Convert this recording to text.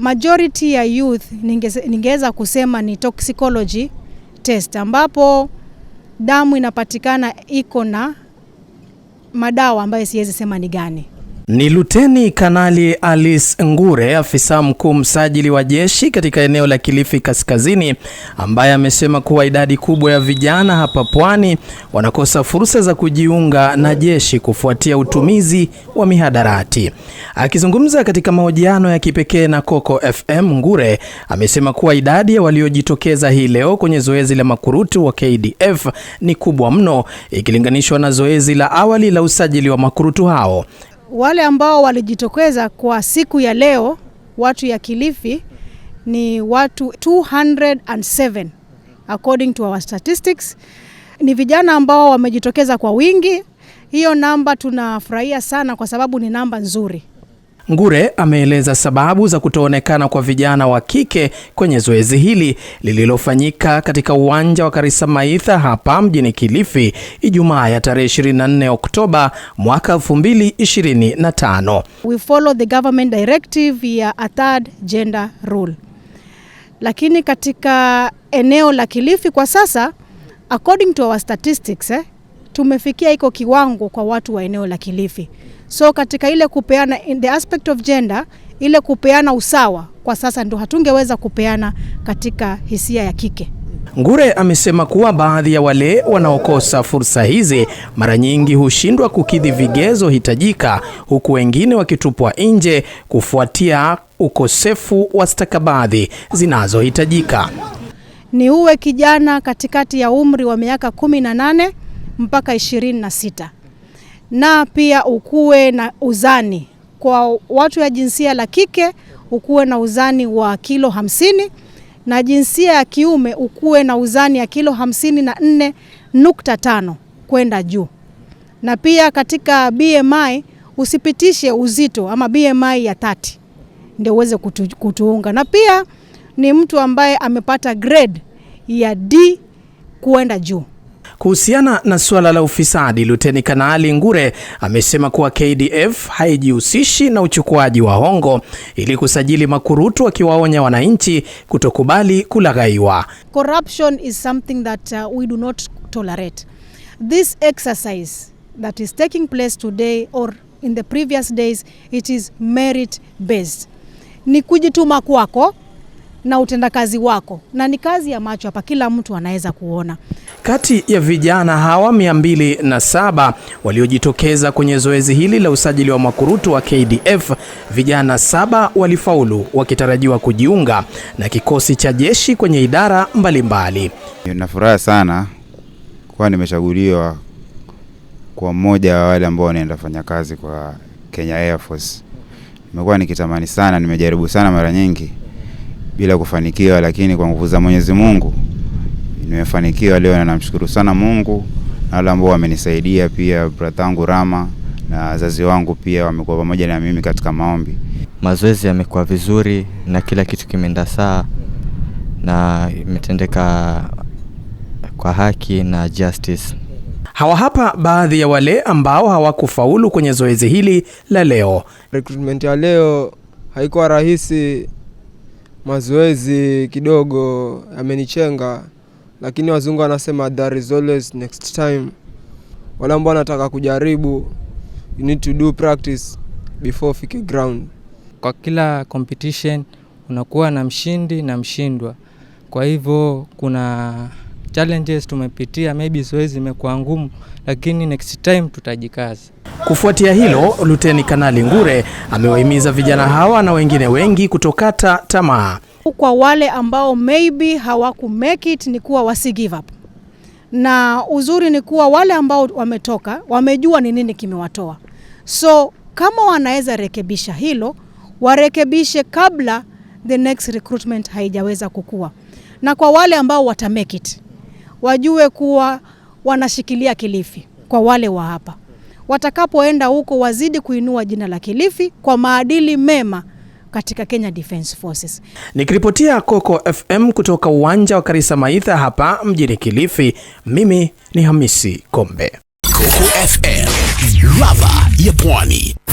Majority ya youth ningeweza kusema ni toxicology test, ambapo damu inapatikana iko na madawa ambayo siwezi sema ni gani. Ni Luteni Kanali Alice Ngure, afisa mkuu msajili wa jeshi katika eneo la Kilifi Kaskazini, ambaye amesema kuwa idadi kubwa ya vijana hapa pwani wanakosa fursa za kujiunga na jeshi kufuatia utumizi wa mihadarati. Akizungumza katika mahojiano ya kipekee na Coco FM, Ngure amesema kuwa idadi ya waliojitokeza hii leo kwenye zoezi la makurutu wa KDF ni kubwa mno ikilinganishwa na zoezi la awali la usajili wa makurutu hao. Wale ambao walijitokeza kwa siku ya leo, watu ya Kilifi ni watu 207 according to our statistics. Ni vijana ambao wamejitokeza kwa wingi. Hiyo namba tunafurahia sana, kwa sababu ni namba nzuri. Ngure ameeleza sababu za kutoonekana kwa vijana wa kike kwenye zoezi hili lililofanyika katika uwanja wa Karisa Maitha hapa mjini Kilifi Ijumaa ya tarehe 24 Oktoba mwaka 2025. We follow the government directive ya a third gender rule. Lakini katika eneo la Kilifi kwa sasa according to our statistics eh, tumefikia iko kiwango kwa watu wa eneo la Kilifi. So katika ile kupeana in the aspect of gender, ile kupeana usawa kwa sasa ndo hatungeweza kupeana katika hisia ya kike. Ngure amesema kuwa baadhi ya wale wanaokosa fursa hizi mara nyingi hushindwa kukidhi vigezo hitajika, huku wengine wakitupwa nje kufuatia ukosefu wa stakabadhi zinazohitajika. Ni uwe kijana katikati ya umri wa miaka kumi na nane mpaka ishirini na sita na pia ukuwe na uzani kwa watu ya jinsia la kike ukuwe na uzani wa kilo hamsini na jinsia ya kiume ukuwe na uzani ya kilo hamsini na nne nukta tano kwenda juu. Na pia katika BMI usipitishe uzito ama BMI ya thati ndio uweze kutu, kutuunga. Na pia ni mtu ambaye amepata grade ya D kuenda juu. Kuhusiana na suala la ufisadi, Luteni Kanali Ngure amesema kuwa KDF haijihusishi na uchukuaji wa hongo ili kusajili makurutu, akiwaonya wananchi kutokubali kulaghaiwa. Corruption is something that uh, we do not tolerate. This exercise that is taking place today or in the previous days, it is merit based. Ni kujituma kwako na utendakazi wako, na ni kazi ya macho hapa, kila mtu anaweza kuona. Kati ya vijana hawa saba waliojitokeza kwenye zoezi hili la usajili wa makurutu wa KDF, vijana saba walifaulu wakitarajiwa kujiunga na kikosi cha jeshi kwenye idara mbalimbali. Nina furaha sana kuwa nimechaguliwa kwa mmoja wa wale ambao wanaenda fanya kazi kwa Kenya Air Force. Nimekuwa nikitamani sana, nimejaribu sana mara nyingi bila kufanikiwa, lakini kwa nguvu za Mwenyezi Mungu nimefanikiwa leo na namshukuru sana Mungu na wale ambao wamenisaidia pia, bratangu Rama na wazazi wangu pia wamekuwa pamoja na mimi katika maombi. Mazoezi yamekuwa vizuri na kila kitu kimeenda sawa na imetendeka kwa haki na justice. Hawa hapa baadhi ya wale ambao hawakufaulu kwenye zoezi hili la leo. Recruitment ya leo haikuwa rahisi, mazoezi kidogo yamenichenga lakini wazungu wanasema there is always next time. Wale ambao wanataka kujaribu, you need to do practice before ufike ground. Kwa kila competition unakuwa na mshindi na mshindwa, kwa hivyo kuna challenges tumepitia, maybe zoezi imekuwa ngumu, lakini next time tutajikaza. Kufuatia hilo, Luteni Kanali Ngure amewahimiza vijana hawa na wengine wengi kutokata tamaa. Kwa wale ambao maybe hawaku make it ni kuwa wasi give up, na uzuri ni kuwa wale ambao wametoka wamejua ni nini kimewatoa, so kama wanaweza rekebisha hilo warekebishe kabla the next recruitment haijaweza kukua, na kwa wale ambao wata make it wajue kuwa wanashikilia Kilifi. Kwa wale wa hapa watakapoenda huko, wazidi kuinua jina la Kilifi kwa maadili mema katika Kenya Defence Forces. Nikiripotia Coco FM kutoka uwanja wa Karisa Maitha hapa mjini Kilifi, mimi ni Hamisi Kombe. Coco FM, ladha ya Pwani.